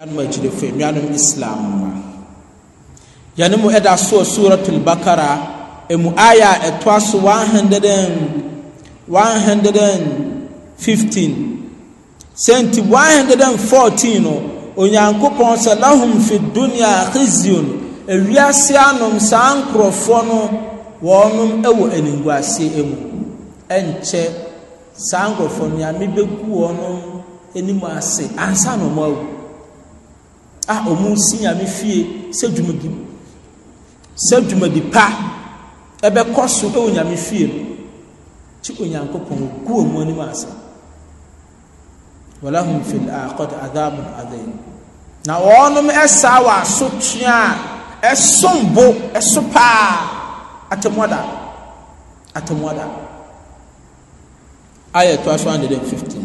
anom agyinifo nnuanom islam ma yɛne mu ɛda soɔ suratul bakara ɛmu aya a ɛtoa so 115 sɛnti 114 no onyankopɔn sɛ lahum fi dunia khizyun ewiase anom saa nkurɔfoɔ no wɔnom ɛwɔ animguase mu ɛnkyɛ saa nkurɔfoɔ no nyame bɛgu wɔnom anim ase ansa na wɔn awu a ɔmo si nyame fie sɛ dwumadi sɛ dwumadi pa ɛbɛkɔ so ɛwɔ e nyame fie no kyi onyankopɔn gu ɔmo anim asa walahum fi lakɔd adhabun adhaim na wɔnom ɛsaa wɔ asotea a ɛsom bo ɛso paa atemwada atemwada ayɛ to aso 115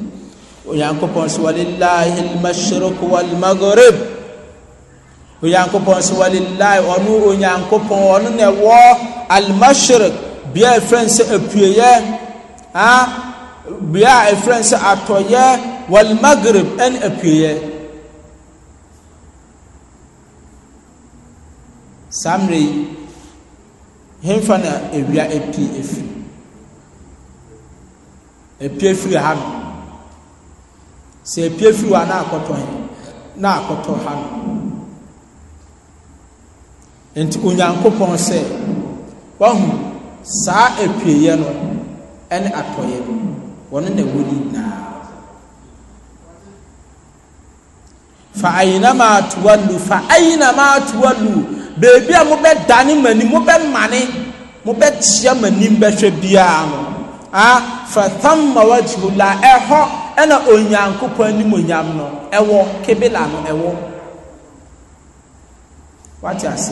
onyankopɔn sɛ walilahi almashriq walmaghrib onyankopɔn sɛ walilahi ɔno onyankopɔn ɔno ne ɛwɔ almashirik bea a ɛfrɛ sɛ apueyɛ a bea a ɛfrɛ sɛ atɔyɛ walmagrib ɛne apueyɛ saa mmerɛ yi hemfa na awia apue ɛfiri apue firi ha no sɛ apue firi hɔ na akɔtɔ na akɔtɔ ha no nti onyankopɔn sɛ wahu saa apieɛ no ɛne atɔeɛ no wɔno na wɔni nyinaa fa ainama tuwalu fa ainama tuwalu beebi a mobɛdane mani mobɛmane mobɛkyea manim bɛhwɛ biara no a fa thamma wajhu la ɛhɔ ɛna onyankopɔn animonyam no ɛwɔ kebela no ɛwɔ wate ase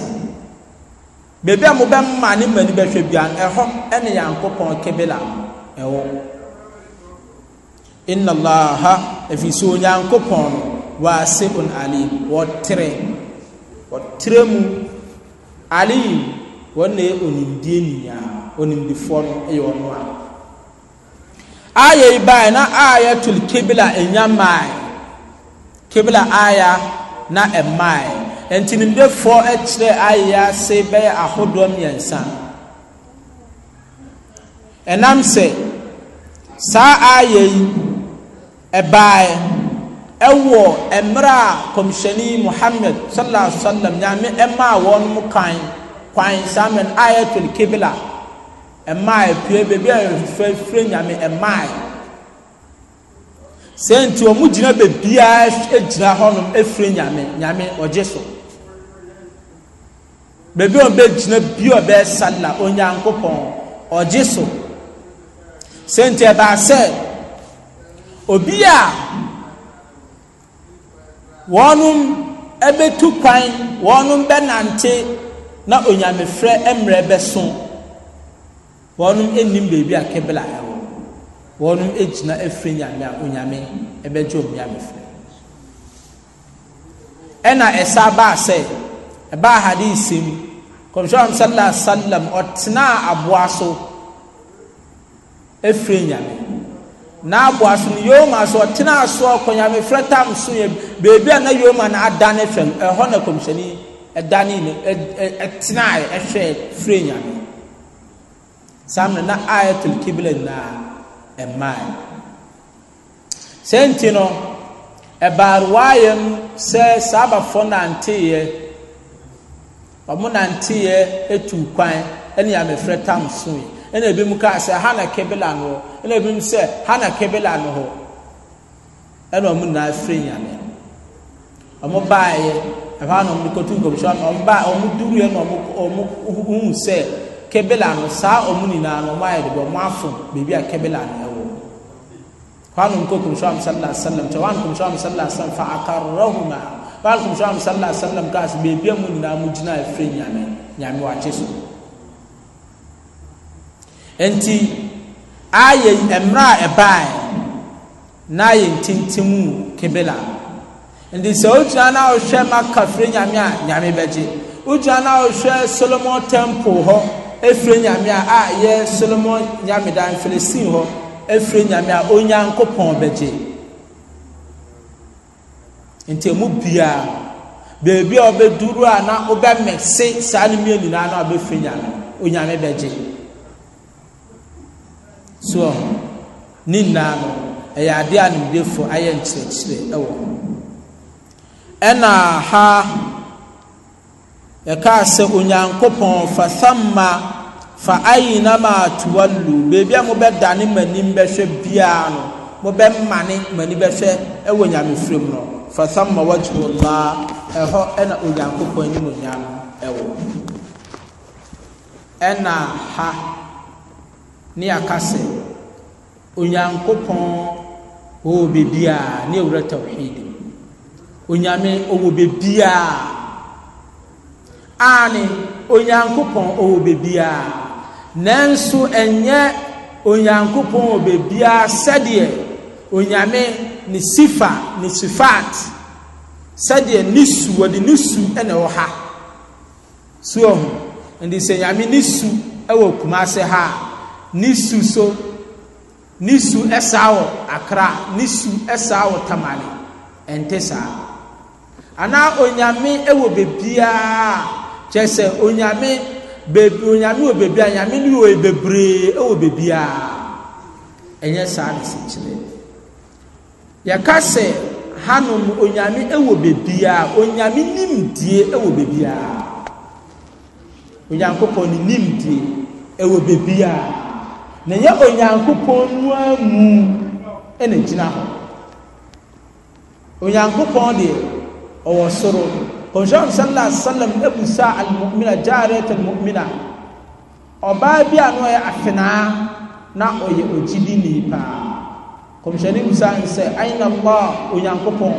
beebi a mobɛma ne mani bɛhwɛ bia ɛhɔ ɛne nyankopɔn kebila ɛwɔ inna allaha ɛfiri sɛ onyankopɔn no waaseun ali wɔtere wɔtere mu ali wɔne onimdie nyinaa onimdifoɔ no ɛyɛ ɔno a ayɛ yi bae na ayɛ tol kebila ɛnya maae kebila aya na ɛmaae ntinimdefoɔ kyerɛ ayɛ ase bɛyɛ ahodoɔ mmiɛnsa ɛnam sɛ saa ayɛ yi ɛbaeɛ ɛwɔ mmerɛ a kɔmhyɛni muhammad sallallahu alaihi wasallam nyame ɛmaa wɔn mu kan kwan samen ayatul kibla ɛmaa pie beebi a yɛfrɛfrɛ nyame ɛmaa sɛ nti wɔn gyina beebi a gyina hɔnom efiri nyame nyame ɔgye so. baabi a ɔbɛgyina bio a ɔbɛyɛ salla onyankopɔn ɔgye so sɛnti ɛbaa sɛ obi a wɔnom ɛbɛtu kwan wɔnom bɛnante na onyamefrɛ mmerɛ bɛso wɔnom anim beebi a kebla ɛwɔ wɔnom agyina afiri nyame a onyame ɛbɛgye ɔm nyamefrɛ ɛna ɛsa baa sɛ ɛbaa hadesɛm kɔmhyɛm sala salam ɔtenaa aboa so ɛfiri nyame na aboa so no yoma so ɔtenaa soɔ kɔnyame frɛ tam so yɛ beebi a na yoma na adane fam ɛhɔ na kɔmhyɛni ɛdane ne ɛtenaa ɛhwɛ firi nyame sam na na ayatul kibla na ɛmaa sɛnti no ɛbaare waayɛ no sɛ saa abafoɔ nanteeɛ ɔmo nanteɛ etu kwan ɛne amefrɛ tam soe ɛna ebi mu kaa sɛ ha na kebela no hɔ ɛna ebi mu sɛ ha na kebela no hɔ ɛna ɔmo nyinaa firi nyame ɔmo baayɛ ɛhɔ na ɔmo kotu nkɔmhyɛ ɔmo baa ɔmo duruɛ na ɔmo ɔmo huhu sɛ kebela no saa ɔmo nyinaa no ɔmo ayɛ de bɔ ɔmo afom beebi a kebela no ɛwɔ hɔ na ɔmo kɔ nkɔmhyɛ ɔmo sallallahu kyɛ hɔ na nkɔmhyɛ ɔmo sallallahu alaihi wa sallam baakom so am sallallahu alaihi wasallam kaa sɛ beebi a mu nyinaa mu gyina afiri nyame nyame wakye so nti ayɛ mmerɛ a ɛbae na ayɛ ntintim kebela nti sɛ wogyina na ɔhwɛ maka firi nyame a nyame bɛgye wogyina na ɔhwɛ solomon temple hɔ efiri nyame a a yɛ solomon nyamedan filistin hɔ efiri nyame a onyankopɔn bɛgye. nti emu biaa beebi a ɔbɛduru a na wobɛmɛse saa no mmiɛ nyinaa na ɔbɛfiri nyame onyame bɛgye soɔ ne nnaa no ɛyɛ ade a nimdefoɔ ayɛ nkyerɛkyerɛ ɛwɔ ɛna ha yɛkaa sɛ onyankopɔn fa thamma fa n'ama ainama tuwallu beebi a mobɛdane m'anim bɛhwɛ biara no mobɛmane m'ani bɛhwɛ ɛwɔ nyamefiri mu no fathamma wajhullah ɛhɔ ɛna onyankopɔn animonyam ɛwɔ ɛna ha ne yɛaka sɛ onyankopɔn wɔwɔ bebiaa ne ɛwura tawhid onyame ɔwɔ beebi a ane onyankopɔn ɔwɔ beebi bebiaa nanso ɛnyɛ onyankopɔn beebi a sɛdeɛ onyame ne sifa ne sifat sɛdeɛ ne su wɔde ne su ɛna ɛwɔ ha so ɔho nti sɛ nyame ne su ɛwɔ kumase ha a ne su so ne su ɛsaa wɔ akra ne su ɛsaa wɔ tamale ɛnte saa anaa onyame ɛwɔ beebiaa kyerɛ sɛ onyame beebi onyame wɔ beebiaa nyame ne wɔ bebree ɛwɔ beebiaa ɛnyɛ saa ne si kyerɛ. yɛka sɛ hanom onyame wɔ bebiaa onyame nimdie wɔ bebiaa onyankopɔn ne nimdie ɛwɔ bebiaa ne yɛ onyankopɔn no amu ne gyina hɔ onyankopɔn deɛ ɔwɔ soro kɔmhyɛm sala salam abusa almumina gyaret almumina ɔbaa bi a na ɔyɛ afenaa na ɔyɛ ogyidi nii paa kɔmhyɛne bisaa sɛ aina allah onyankopɔn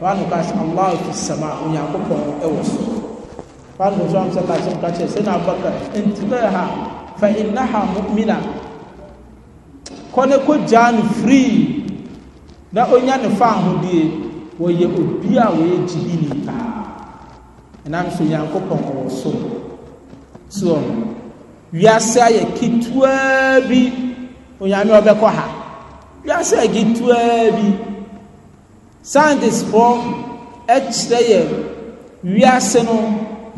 wɔ he ka sɛ allah fi sama onyankopɔn ɛwɔ so wano kɔmhyɛ wɔn sɛ ka sɛ ka kyerɛ sɛna abubakar ntibaha fa innaha mu'mina kɔne kɔgyaa no firii na ɔnya ne fa ahodie wɔyɛ obi a wɔyɛ gyidini paa ɛnam so onyankopɔn wɔ so so wiase ayɛ ketewaa bi onyame ɔbɛkɔ ha wiase agetewaa bi scientistfoɔ kyerɛ yɛ wiase no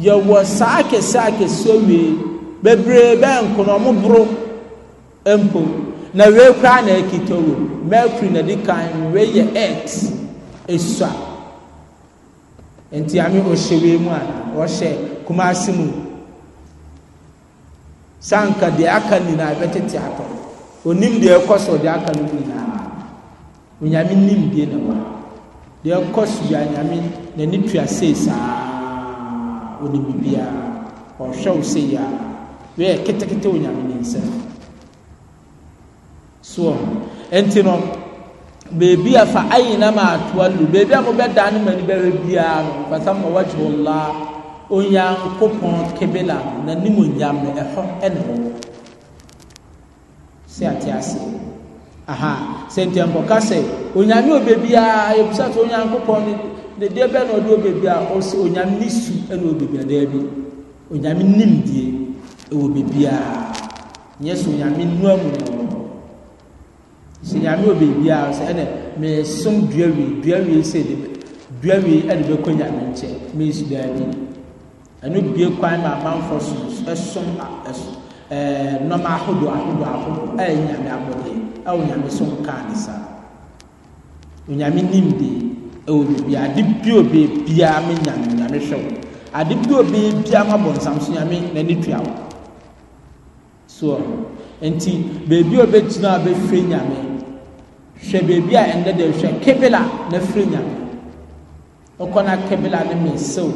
yɛwɔ saa akɛse akɛseɛ wiei bebree bɛnko no ɔmo boro mpo na wei koraa na ɛkita wɔ mercury na di kan wei yɛ earth esua nti ame ɔhyɛ wei mu a ɔhyɛ kumasi mu sanka deɛ aka nyinaa bɛtete atɔ onim deɛ ɛkɔ so ɔde aka no mu nyinaa onyame nim bie na wa deɛ ɛkɔ so yɛ anyame n'ani tua sei saa onim bibiara ɔhwɛ wo sei a wɛyɛ ketekete onyame ne nsa soɔ ɛnti no beebi a ayi na ma atoa lu beebi a mo bɛ dan ne ma ni bɛrɛ biara no fasa ma wagye wɔn laa onyankopɔn kebela na nimu nyame ɛhɔ ɛna wɔwɔ sɛ ate ase aha sɛ ntɛmpɔka sɛ onyame obe biara ebusa sɛ onyankopɔn ne ne deɛ bɛɛ na ɔde obe biara ɔsɛ onyame ne su ɛna obe biara deɛ bi onyame nim die ɛwɔ obe biara nyɛ sɛ onyame nua mu na ɔwɔ sɛ nyame obe biara sɛ ɛna mɛsom dua wie dua wie sɛ de dua wie ɛna bɛkɔ nyame nkyɛn mɛsu daa bi ɛno bie kwan ma amanfo so ɛsom ɛso ɛɛ nnɔma ahodoɔ ahodoɔ ahodoɔ a ɛyɛ nyame abɔde a onyame so nkaa ne saa onyame nim de ɛwɔ biribi ade bio bee biara me nyame nyame hwɛ wo ade bio bee biara ma bɔ nsam so nyame n'ani tua wo so nti beebi a obɛgyina a bɛhwɛ nyame hwɛ beebi a ɛndɛ dɛ hwɛ kebela na firi nyame ɔkɔ na kebela ne mmesew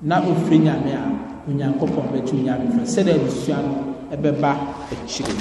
na ofiri nyame a onyankopɔn bɛtu nyame frɛ sɛdeɛ adusua no ɛbɛba akyire